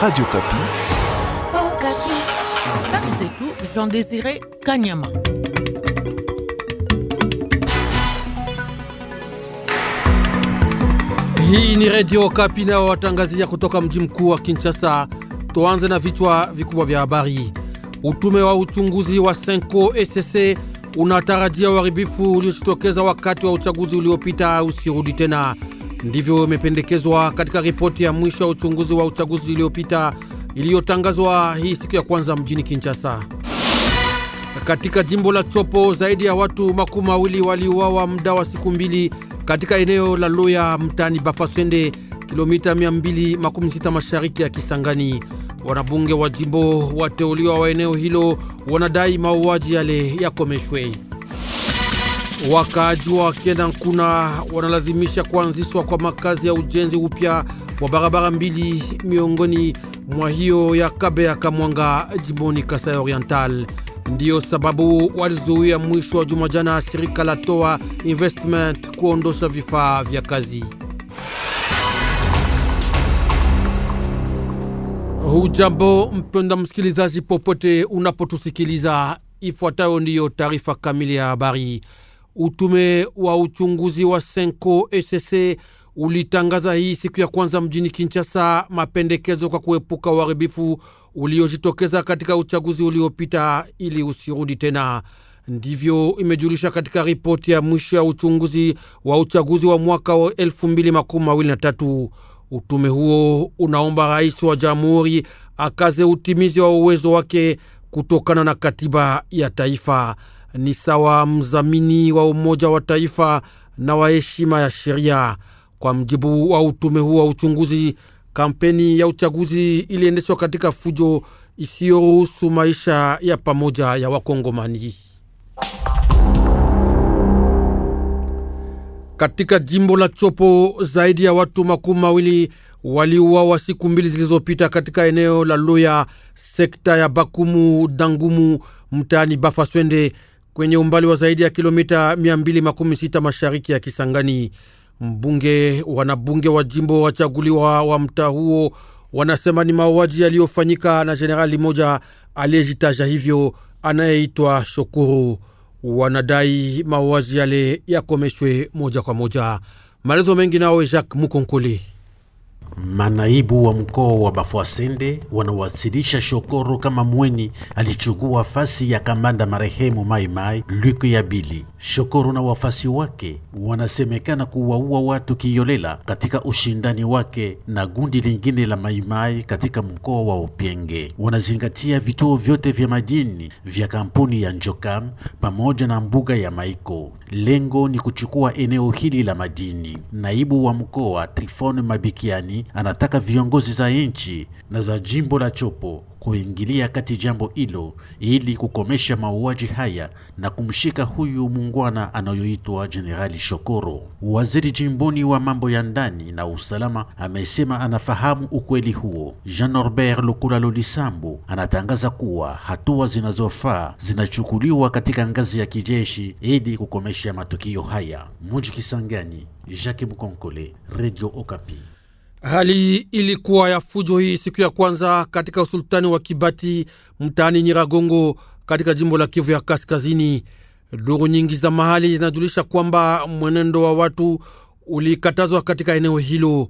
Radio Kapi. Oh, Kapi. C'est tout, j'en désirais Kanyama. Hii ni Radio Kapi nao watangazia kutoka mji mkuu wa Kinshasa. Tuanze na vichwa vikubwa vya habari. Utume wa uchunguzi wa Senko SSC unatarajia uharibifu uliojitokeza wakati wa uchaguzi uliopita usirudi tena. Ndivyo imependekezwa katika ripoti ya mwisho ya uchunguzi wa uchaguzi iliyopita iliyotangazwa hii siku ya kwanza mjini Kinshasa. Katika jimbo la Chopo zaidi ya watu makumi mawili waliuawa muda wa siku mbili katika eneo la Loya mtani Bafaswende, kilomita 26 mashariki ya Kisangani. Wanabunge wa jimbo wateuliwa wa eneo hilo wanadai mauaji yale yakomeshwe. Wakaaji wa Kena Nkuna wanalazimisha kuanzishwa kwa makazi ya ujenzi upya wa barabara mbili miongoni mwa hiyo ya Kabeya Kamwanga jimboni Kasai Oriental. Ndiyo sababu walizuia mwisho wa juma jana shirika la Toa Investment kuondosha vifaa vya kazi. Hujambo mpenda msikilizaji, popote unapotusikiliza, ifuatayo ndiyo taarifa kamili ya habari. Utume wa uchunguzi wa Senko ss ulitangaza hii siku ya kwanza mjini Kinshasa mapendekezo kwa kuepuka uharibifu uliojitokeza katika uchaguzi uliopita ili usirudi tena. Ndivyo imejulisha katika ripoti ya mwisho ya uchunguzi wa uchaguzi wa mwaka wa tatu. Utume huo unaomba rais wa jamhuri akaze utimizi wa uwezo wake kutokana na katiba ya taifa ni sawa mzamini wa Umoja wa Taifa na wa heshima ya sheria. Kwa mjibu wa utume huu wa uchunguzi, kampeni ya uchaguzi iliendeshwa katika fujo isiyoruhusu maisha ya pamoja ya Wakongomani. Katika jimbo la Chopo zaidi ya watu makumi mawili waliuawa siku mbili zilizopita katika eneo la Loya, sekta ya Bakumu Dangumu, mtaani Bafaswende kwenye umbali wa zaidi ya kilomita 260 mashariki ya Kisangani. Mbunge wanabunge wa jimbo wachaguliwa wa mtaa huo wanasema ni mauaji yaliyofanyika na jenerali moja aliyejitaja hivyo anayeitwa Shukuru. Wanadai mauaji yale yakomeshwe moja kwa moja. Maelezo mengi nawe Jacques Mukonkoli. Manaibu wa mkoa wa Bafuasende wanawasilisha shokoro kama mweni alichukua fasi ya kamanda marehemu Maimai ya Bili. Shokoro na wafasi wake wanasemekana kuwaua watu kiyolela katika ushindani wake na gundi lingine la Maimai katika mkoa wa Upyenge. Wanazingatia vituo vyote vya madini vya kampuni ya Njokam pamoja na mbuga ya Maiko. Lengo ni kuchukua eneo hili la madini. Naibu wa mkoa Trifon Mabikiani anataka viongozi za nchi na za jimbo la Chopo kuingilia kati jambo hilo ili kukomesha mauaji haya na kumshika huyu mungwana anayoitwa Jenerali Shokoro. Waziri jimboni wa mambo ya ndani na usalama amesema anafahamu ukweli huo. Jean Norbert Lokula Lolisambu anatangaza kuwa hatua zinazofaa zinachukuliwa katika ngazi ya kijeshi ili kukomesha matukio haya. Muji Kisangani, Jacques Mkonkole, Radio Okapi. Hali ilikuwa ya fujo hii siku ya kwanza katika usultani wa Kibati mtaani Nyiragongo katika jimbo la Kivu ya Kaskazini. Duru nyingi za mahali zinajulisha kwamba mwenendo wa watu ulikatazwa katika eneo hilo.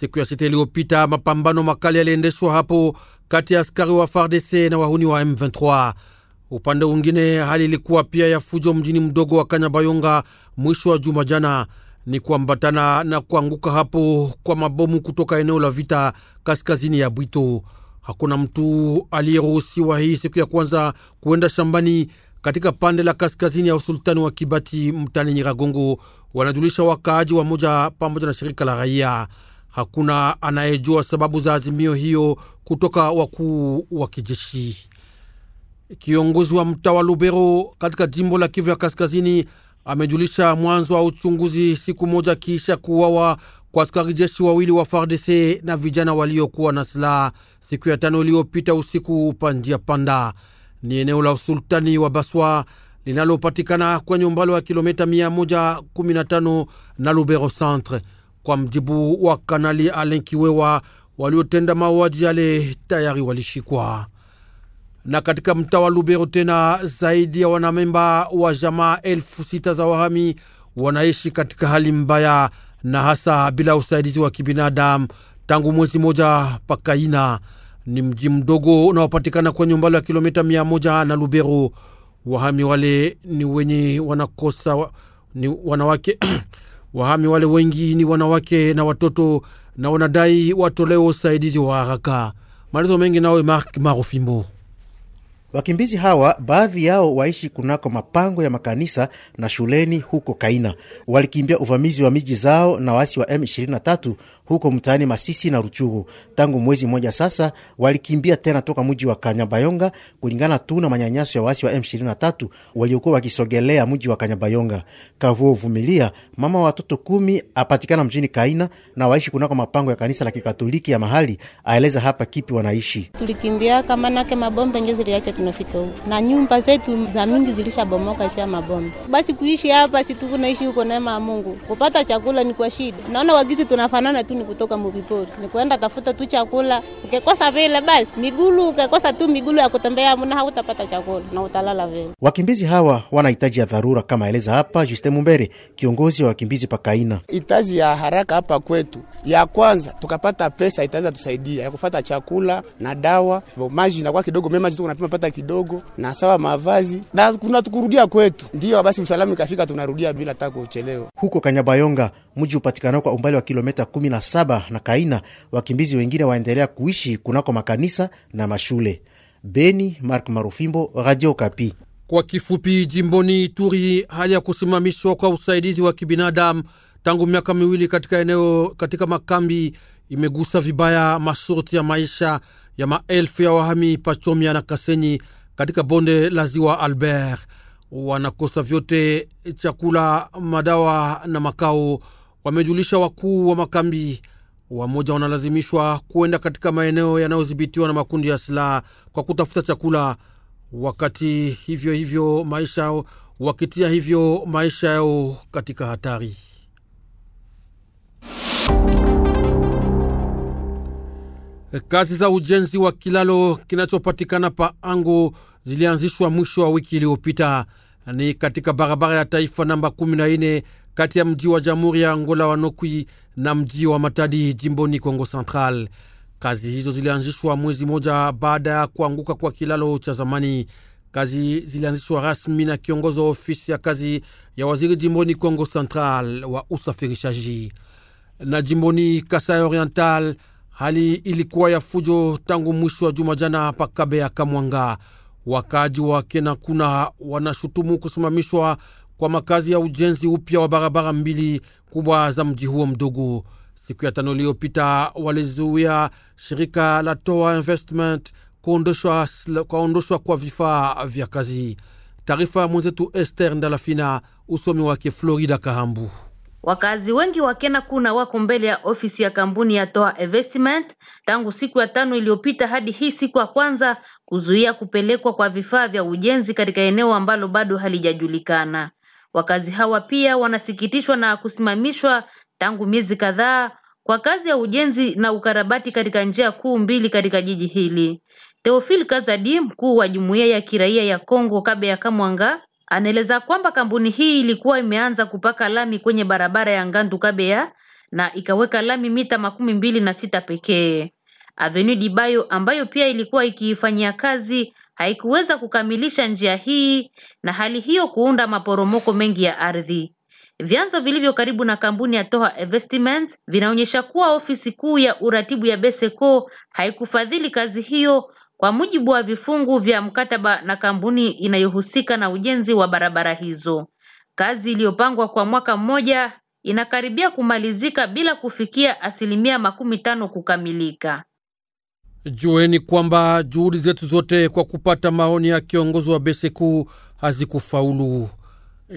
Siku ya sita iliyopita, mapambano makali yaliendeshwa hapo kati ya askari wa FARDC na wahuni wa M23. Upande mwingine, hali ilikuwa pia ya fujo mjini mdogo wa Kanyabayonga mwisho wa juma jana ni kuambatana na kuanguka hapo kwa mabomu kutoka eneo la vita kaskazini ya Bwito. Hakuna mtu aliyeruhusiwa hii siku ya kwanza kuenda shambani katika pande la kaskazini ya usultani wa Kibati mtani Nyiragongo, wanajulisha wakaaji wa moja pamoja na shirika la raia. Hakuna anayejua sababu za azimio hiyo kutoka wakuu wa kijeshi. Kiongozi wa mtaa wa Lubero katika jimbo la Kivu ya kaskazini amejulisha mwanzo wa uchunguzi siku moja kisha kuuawa kwa askari jeshi wawili wa FARDC na vijana waliokuwa na silaha siku ya tano iliyopita usiku pa njia panda. Ni eneo la usultani wa Baswa linalopatikana kwenye umbali wa kilomita 115 na Lubero Centre, kwa mjibu wa Kanali Alenkiwewa. Waliotenda mauaji yale tayari walishikwa na katika mtaa wa Lubero tena zaidi ya wanamemba wa jamaa elfu sita za wahami wanaishi katika hali mbaya na hasa bila usaidizi wa kibinadamu tangu mwezi moja. Pakaina ni mji mdogo unaopatikana kwenye umbali wa kilomita mia moja na Lubero. Wahami wale ni wenye wanakosa ni wanawake wahami wale wengi ni wanawake na watoto, na wanadai watolewe usaidizi wa haraka. Maelezo mengi nawe Mark Marofimbo. Wakimbizi hawa baadhi yao waishi kunako mapango ya makanisa na shuleni huko Kaina. Walikimbia uvamizi wa miji zao na waasi wa M23 huko mtaani Masisi na Ruchuru. Tangu mwezi mmoja sasa, walikimbia tena toka mji wa Kanyabayonga kulingana tu na manyanyaso ya waasi wa M23 waliokuwa wakisogelea mji wa Kanyabayonga. Kavuo Vumilia, mama wa watoto kumi, apatikana mjini Kaina na waishi kunako mapango ya kanisa la Kikatoliki ya mahali, aeleza hapa kipi wanaishi. Tulikimbia kama nake mabombe tunafika huko, na nyumba zetu za mingi zilishabomoka juu ya mabomu. Basi kuishi hapa si tuko naishi huko, neema ya Mungu. Kupata chakula ni kwa shida, naona wagizi tunafanana tu, ni kutoka mupipori, ni kuenda tafuta tu chakula. Ukikosa vile basi migulu, ukikosa tu migulu ya kutembea, mna hautapata chakula na utalala vile. Wakimbizi hawa wanahitaji ya dharura, kama eleza hapa Justin Mumbere, kiongozi wa wakimbizi pakaina hitaji ya haraka hapa kwetu. Ya kwanza tukapata pesa itaweza tusaidia ya kufata chakula na dawa, maji inakuwa kidogo mema, tunapima pata hata kidogo, na sawa mavazi na kuna tukurudia kwetu. Ndio basi usalama ikafika, tunarudia bila hata kuchelewa. Huko Kanyabayonga, mji upatikanao kwa umbali wa kilometa 17 na Kaina, wakimbizi wengine waendelea kuishi kunako makanisa na mashule. Beni, Mark Marufimbo, Radio Kapi. Kwa kifupi, jimboni Ituri, hali ya kusimamishwa kwa usaidizi wa kibinadamu tangu miaka miwili katika eneo katika makambi imegusa vibaya masharti ya maisha ya maelfu ya wahami Pachomia na Kasenyi katika bonde la ziwa Albert wanakosa vyote: chakula, madawa na makao, wamejulisha wakuu wa makambi. Wamoja wanalazimishwa kuenda katika maeneo yanayodhibitiwa na makundi ya silaha kwa kutafuta chakula, wakati hivyo hivyo maisha wakitia hivyo maisha yao katika hatari. Kazi za ujenzi wa kilalo kinachopatikana pa Ango zilianzishwa mwisho wa wiki iliyopita. Ni katika barabara ya taifa namba 14 kati ya mji wa Jamhuri ya Angola wa Nokwi na mji wa Matadi jimboni Kongo Central. Kazi hizo zilianzishwa mwezi moja baada ya kuanguka kwa kilalo cha zamani. Kazi zilianzishwa rasmi na kiongozi wa ofisi ya kazi ya waziri jimboni Kongo Central wa usafirishaji. Na jimboni Kasai Oriental Hali ilikuwa ya fujo tangu mwisho wa juma jana pakabe ya Kamwanga. Wakaaji na kuna wanashutumu kusimamishwa kwa makazi ya ujenzi upya wa barabara mbili kubwa za mji huo mdogo. Siku ya tano iliyopita, walizuia shirika la Toa Investment kuondoshwa kwa, vifaa vya kazi. Taarifa ya mwenzetu Ester Ndalafina, usomi wake Florida Kahambu. Wakazi wengi wa kuna wako mbele ya ofisi ya kampuni ya Toa Investment tangu siku ya tano iliyopita hadi hii siku ya kwanza kuzuia kupelekwa kwa vifaa vya ujenzi katika eneo ambalo bado halijajulikana. Wakazi hawa pia wanasikitishwa na kusimamishwa tangu miezi kadhaa kwa kazi ya ujenzi na ukarabati katika njia kuu mbili katika jiji hili. Theophile Kazadi, mkuu wa jumuiya ya kiraia ya Kongo ya Kamwanga Anaeleza kwamba kampuni hii ilikuwa imeanza kupaka lami kwenye barabara ya Ngandu kabea na ikaweka lami mita makumi mbili na sita pekee. Avenue Dibayo ambayo pia ilikuwa ikiifanyia kazi haikuweza kukamilisha njia hii na hali hiyo kuunda maporomoko mengi ya ardhi. Vyanzo vilivyo karibu na kampuni ya Toha Investments vinaonyesha kuwa ofisi kuu ya uratibu ya Beseco haikufadhili kazi hiyo kwa mujibu wa vifungu vya mkataba na kampuni inayohusika na ujenzi wa barabara hizo, kazi iliyopangwa kwa mwaka mmoja inakaribia kumalizika bila kufikia asilimia makumi tano kukamilika. Jueni kwamba juhudi zetu zote kwa kupata maoni ya kiongozi wa Beseku hazikufaulu.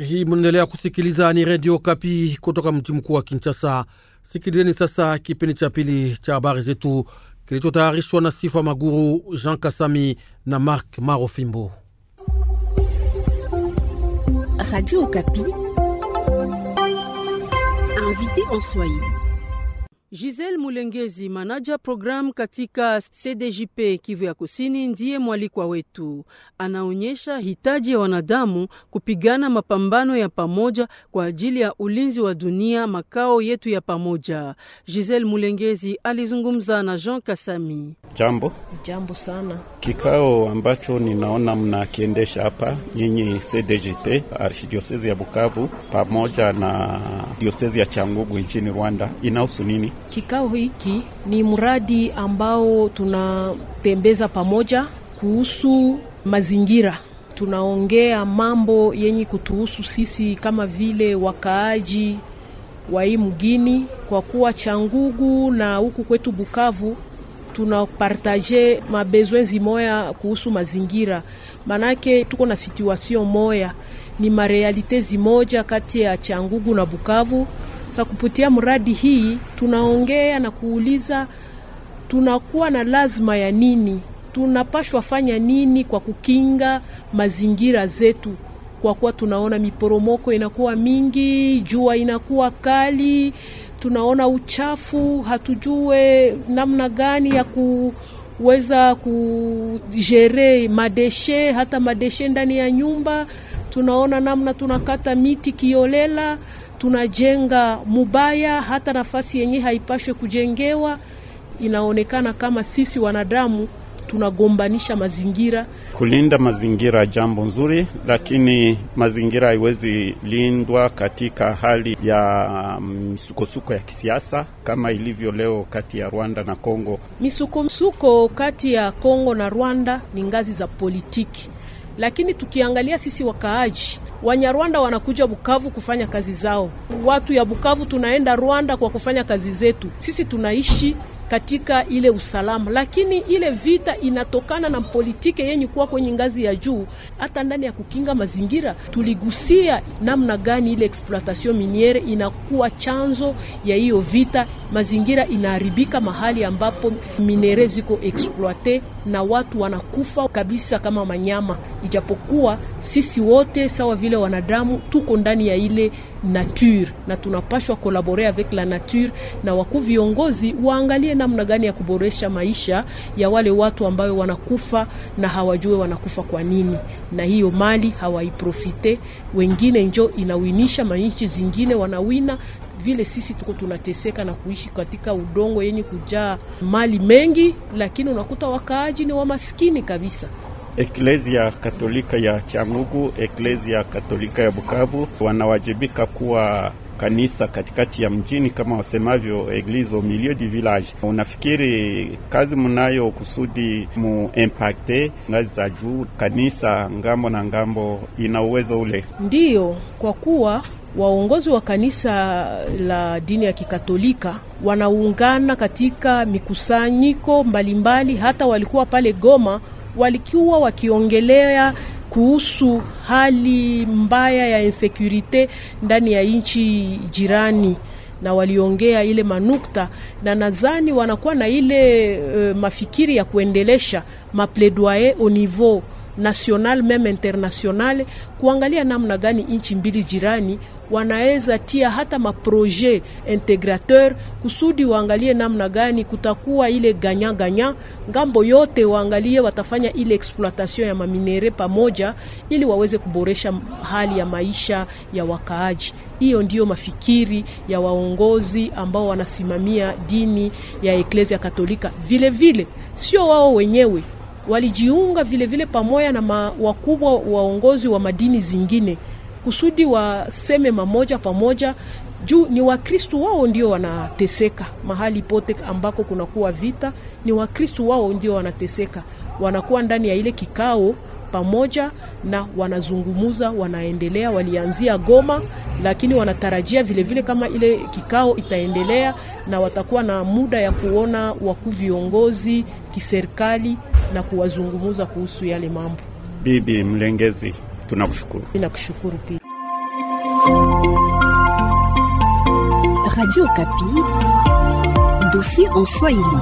Hii mnaendelea kusikiliza ni Redio Kapi kutoka mji mkuu wa Kinshasa. Sikilizeni sasa kipindi cha pili cha habari zetu kilichotayarishwa na Sifa Maguru, Jean Kasami na Mark Marofimbo. Radio Okapi, invité en Swahili. Giselle Mulengezi, manaja programu katika CDJP Kivu ya Kusini, ndiye mwalikwa wetu. Anaonyesha hitaji ya wanadamu kupigana mapambano ya pamoja kwa ajili ya ulinzi wa dunia, makao yetu ya pamoja. Giselle Mulengezi alizungumza na Jean Kasami. Jambo. Jambo sana. Kikao ambacho ninaona mnakiendesha hapa nyinyi CDJP arshidiosezi ya Bukavu pamoja na diosezi ya Changugu nchini Rwanda inahusu nini? Kikao hiki ni mradi ambao tunatembeza pamoja kuhusu mazingira. Tunaongea mambo yenye kutuhusu sisi kama vile wakaaji wa hii mgini, kwa kuwa Changugu na huku kwetu Bukavu tunapartaje mabezwenzi moya kuhusu mazingira, manake tuko na situasio moya, ni marealitezi moja kati ya Changugu na Bukavu sasa kupitia mradi hii tunaongea na kuuliza, tunakuwa na lazima ya nini, tunapashwa fanya nini kwa kukinga mazingira zetu, kwa kuwa tunaona miporomoko inakuwa mingi, jua inakuwa kali, tunaona uchafu, hatujue namna gani ya ku weza kujere madeshe hata madeshe ndani ya nyumba. Tunaona namna tunakata miti kiolela tunajenga mubaya, hata nafasi yenye haipashwe kujengewa. Inaonekana kama sisi wanadamu tunagombanisha mazingira. Kulinda mazingira jambo nzuri, lakini mazingira haiwezi lindwa katika hali ya mm, misukosuko ya kisiasa kama ilivyo leo kati ya Rwanda na Kongo. Misukosuko kati ya Kongo na Rwanda ni ngazi za politiki lakini tukiangalia sisi wakaaji Wanyarwanda wanakuja Bukavu kufanya kazi zao, watu ya Bukavu tunaenda Rwanda kwa kufanya kazi zetu. Sisi tunaishi katika ile usalama, lakini ile vita inatokana na politike yenye kuwa kwenye ngazi ya juu. Hata ndani ya kukinga mazingira tuligusia namna gani ile exploitation miniere inakuwa chanzo ya hiyo vita, mazingira inaharibika mahali ambapo minere ziko exploite na watu wanakufa kabisa kama manyama, ijapokuwa sisi wote sawa vile wanadamu tuko ndani ya ile nature na tunapashwa kolabore avec la nature, na waku viongozi waangalie namna gani ya kuboresha maisha ya wale watu ambayo wanakufa na hawajue wanakufa kwa nini, na hiyo mali hawaiprofite. Wengine njo inawinisha manchi zingine wanawina vile sisi tuko tunateseka na kuishi katika udongo yenye kujaa mali mengi, lakini unakuta wakaaji ni wamaskini kabisa. Eklezia Katolika ya Chanugu, Eklezia Katolika ya Bukavu wanawajibika kuwa kanisa katikati ya mjini kama wasemavyo eglise au milieu du village. Unafikiri kazi mnayo kusudi muimpacte ngazi za juu, kanisa ngambo na ngambo ina uwezo ule? Ndiyo, kwa kuwa waongozi wa kanisa la dini ya Kikatolika wanaungana katika mikusanyiko mbalimbali. Hata walikuwa pale Goma, walikuwa wakiongelea kuhusu hali mbaya ya insekurite ndani ya nchi jirani na waliongea ile manukta na nadhani wanakuwa na ile uh, mafikiri ya kuendelesha mapledoyer au niveau national meme international, kuangalia namna gani nchi mbili jirani wanaweza tia hata maproje integrateur kusudi waangalie namna gani kutakuwa ile ganya ganya ngambo yote, waangalie watafanya ile exploitation ya maminere pamoja, ili waweze kuboresha hali ya maisha ya wakaaji. Hiyo ndiyo mafikiri ya waongozi ambao wanasimamia dini ya Eklesia Katolika, vile vile sio wao wenyewe walijiunga vilevile vile pamoja na ma, wakubwa waongozi wa madini zingine kusudi waseme mamoja pamoja juu ni Wakristu wao ndio wanateseka mahali pote ambako kunakuwa vita, ni Wakristu wao ndio wanateseka. Wanakuwa ndani ya ile kikao pamoja na wanazungumuza, wanaendelea. Walianzia Goma, lakini wanatarajia vilevile vile kama ile kikao itaendelea na watakuwa na muda ya kuona wakuu viongozi kiserikali na kuwazungumuza kuhusu yale mambo. Bibi Mlengezi, tunakushukuru. Ninakushukuru pia. Radio Kapi, dossier en Swahili.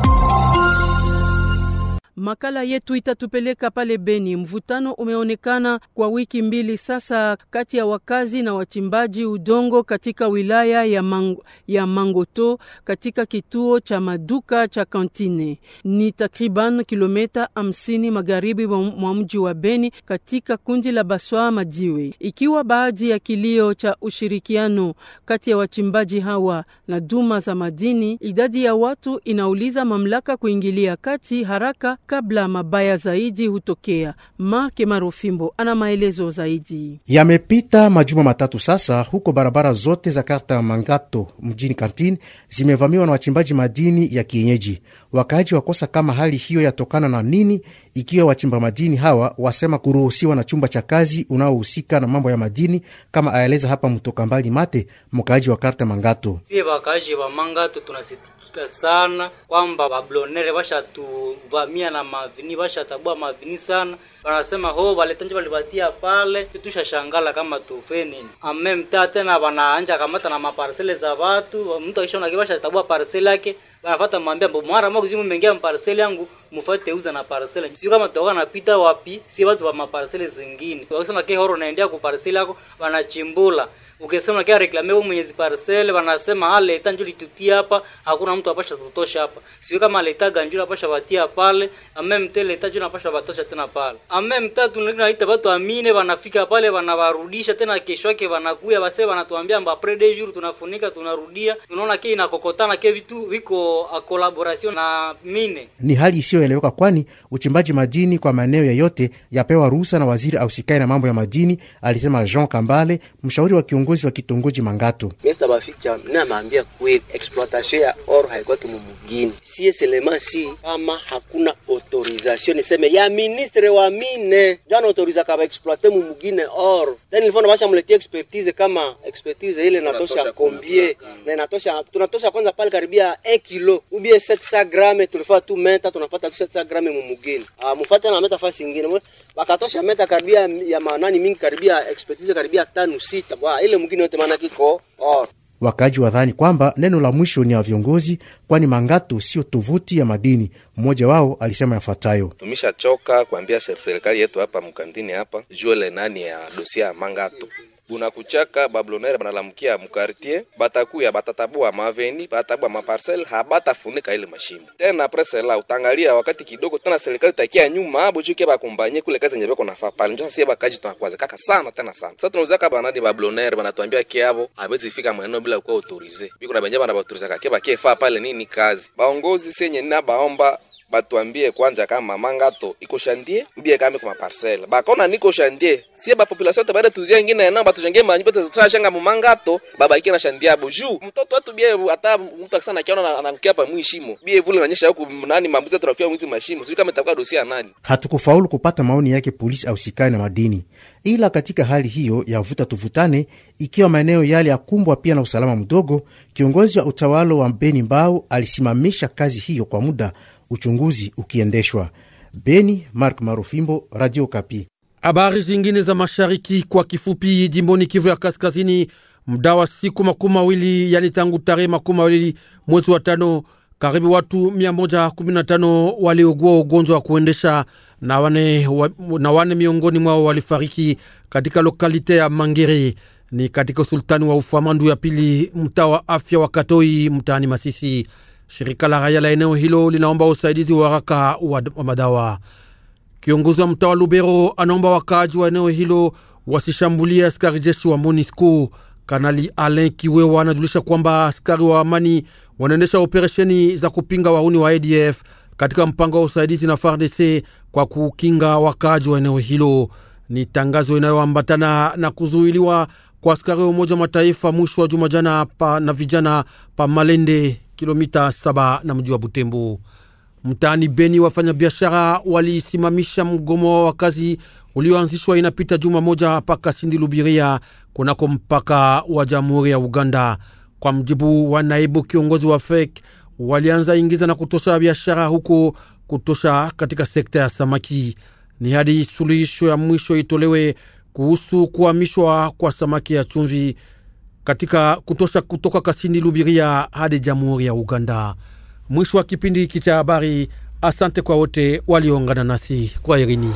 Makala yetu itatupeleka pale Beni. Mvutano umeonekana kwa wiki mbili sasa kati ya wakazi na wachimbaji udongo katika wilaya ya, Mang ya Mangoto katika kituo cha maduka cha Kantine. Ni takriban kilometa 50 magharibi mwa mji wa Beni katika kundi la Baswa Majiwe. Ikiwa baadhi ya kilio cha ushirikiano kati ya wachimbaji hawa na duma za madini, idadi ya watu inauliza mamlaka kuingilia kati haraka kabla mabaya zaidi hutokea. Mark Marofimbo ana maelezo zaidi. Yamepita majuma matatu sasa, huko barabara zote za karta ya Mangato mjini Kantin zimevamiwa na wachimbaji madini ya kienyeji. Wakaaji wakosa kama hali hiyo yatokana na nini, ikiwa wachimba madini hawa wasema kuruhusiwa na chumba cha kazi unaohusika na mambo ya madini, kama aeleza hapa Mtoka Mbali Mate, mkaaji wa karta Mangato. sie wakaaji wa Mangato tunasitikika sana kwamba wablonere washatuvamia na mavini, washatabua mavini sana wanasema ho oh, waletanji walipatia pale, tutushashangala kama tufe nini. Ame mtaa tena wanaanja kamata na maparsele za watu, mtu akishaona kibasha tabua parsele yake wanafuata mwambia mbo mara mwa kuzimu mengia mparsele yangu mufate uza na parsele sio kama toka pita wapi si watu wa maparsele zingine wakisema ke horo naendea ku parsele yako wanachimbula ukisema kia reklame huu mwenyezi parcel wanasema aleta ah, njuli tuti hapa hakuna mtu apasha tutosha hapa sio kama aleta ganjula apasha watia pale ame mte leta tajo napasha watosha tena pale ame mta ndio naita batu amine wanafika pale wanawarudisha tena kesho yake wanakuya wase wanatuambia mba prede juru tunafunika tunarudia unaona kia inakokotana kia vitu wiko a collaboration na mine ni hali isiyoeleweka kwani uchimbaji madini kwa maeneo yoyote yapewa ruhusa na waziri ausikai na mambo ya madini alisema Jean Kambale mshauri wa kiongozi kiongozi wa kitongoji Mangatu. Mr. Baficha na kweli exploitation ya oro haikuwa kimumugini. Sie selema si kama hakuna autorisation niseme ya ministre wa mine. Jana autoriza kaba exploiter mumugine oro. Then ilifona basha mletia expertise kama expertise ile natosha kombie mm. na natosha tunatosha kwanza pale karibia 1 kilo ubie 700 grame tulifaa tu meta tunapata tu 700 grame mumugini. Ah mfuate na meta fasi nyingine wakatosha meta karibia ya manani mingi karibia expertise karibia tano sita kwa ile mwingine yote maana kiko or. Wakaji wadhani kwamba neno la mwisho ni ya viongozi, kwani mangato sio tovuti ya madini. Mmoja wao alisema yafuatayo: tumeshachoka kuambia serikali yetu hapa mkandini hapa juele nani ya dosia ya mangato bunakuchaka bablonere banalamkia mukartier batakuya batatabua maveni batatabua maparcel habatafunika ile mashimo tena. presela la utangalia wakati kidogo tena, serikali takia nyuma abo juke bakumbanye kule kazi nyebeko na fapa njo sasa bakaji tunakwaza kaka sana tena sana. Sasa tunauza kama banadi bablonere banatuambia kiabo abezi fika maneno bila kuwa autorize biko na benjama na autorize kake bakie faa pale nini kazi baongozi senye na baomba batuambie kwanja kama mangato iko chantier mbie kame kwa parcel bakona niko chantier sie ba population ta baada tuzia ngine na batu jenge manyi bote zotra shanga mu mangato baba iki na chantier boju mtoto wetu bie ata mtu akisana na kiona anamkia pa mwishimo bie vule nanyesha huko nani mambuzi trafia mwizi mashimo sio kama itakuwa dosia nani hatukufaulu kupata maoni yake polisi au sikai na madini ila katika hali hiyo ya vuta tuvutane ikiwa maeneo yale yakumbwa pia na usalama mdogo kiongozi wa utawalo wa Beni Mbau alisimamisha kazi hiyo kwa muda uchunguzi ukiendeshwa. Beni, Mark Marufimbo, Radio Kapi. Habari zingine za mashariki kwa kifupi. Jimboni Kivu ya Kaskazini, mda wa siku makumi mawili yani tangu tarehe makumi mawili mwezi wa tano, karibu watu 115 waliogua ugonjwa wa kuendesha na wane, wa, na wane miongoni mwao walifariki katika lokalite ya Mangere ni katika usultani wa Ufamandu ya pili, mtaa wa afya wa Katoi, mtaani Masisi. Shirika la raia la eneo hilo linaomba usaidizi wa haraka wa madawa. Kiongozi wa mtaa wa Lubero anaomba wakaaji wa eneo hilo wasishambulie askari jeshi wa MONUSCO. Kanali Alain Kiwewa anajulisha kwamba askari wa amani wanaendesha operesheni za kupinga wahuni wa ADF katika mpango wa usaidizi na FARDC kwa kukinga wakaaji wa eneo hilo. Ni tangazo inayoambatana na kuzuiliwa kwa askari wa Umoja wa Mataifa mwisho wa juma jana pa na vijana pa Malende kilomita saba na mji wa Butembo. Mtaani Beni, wafanyabiashara walisimamisha mgomo wa wakazi ulioanzishwa inapita juma moja paka Sindi Lubiria, kunako mpaka wa Jamhuri ya Uganda. Kwa mjibu wa naibu kiongozi wa FEK, walianza ingiza na kutosha biashara huko kutosha katika sekta ya samaki. Ni hadi suluhisho ya mwisho itolewe kuhusu kuhamishwa kwa samaki ya chumvi katika kutosha kutoka Kasindi Lubiria hadi Jamhuri ya Uganda. Mwisho wa kipindi hiki cha habari. Asante kwa wote walioungana nasi kwa Irini.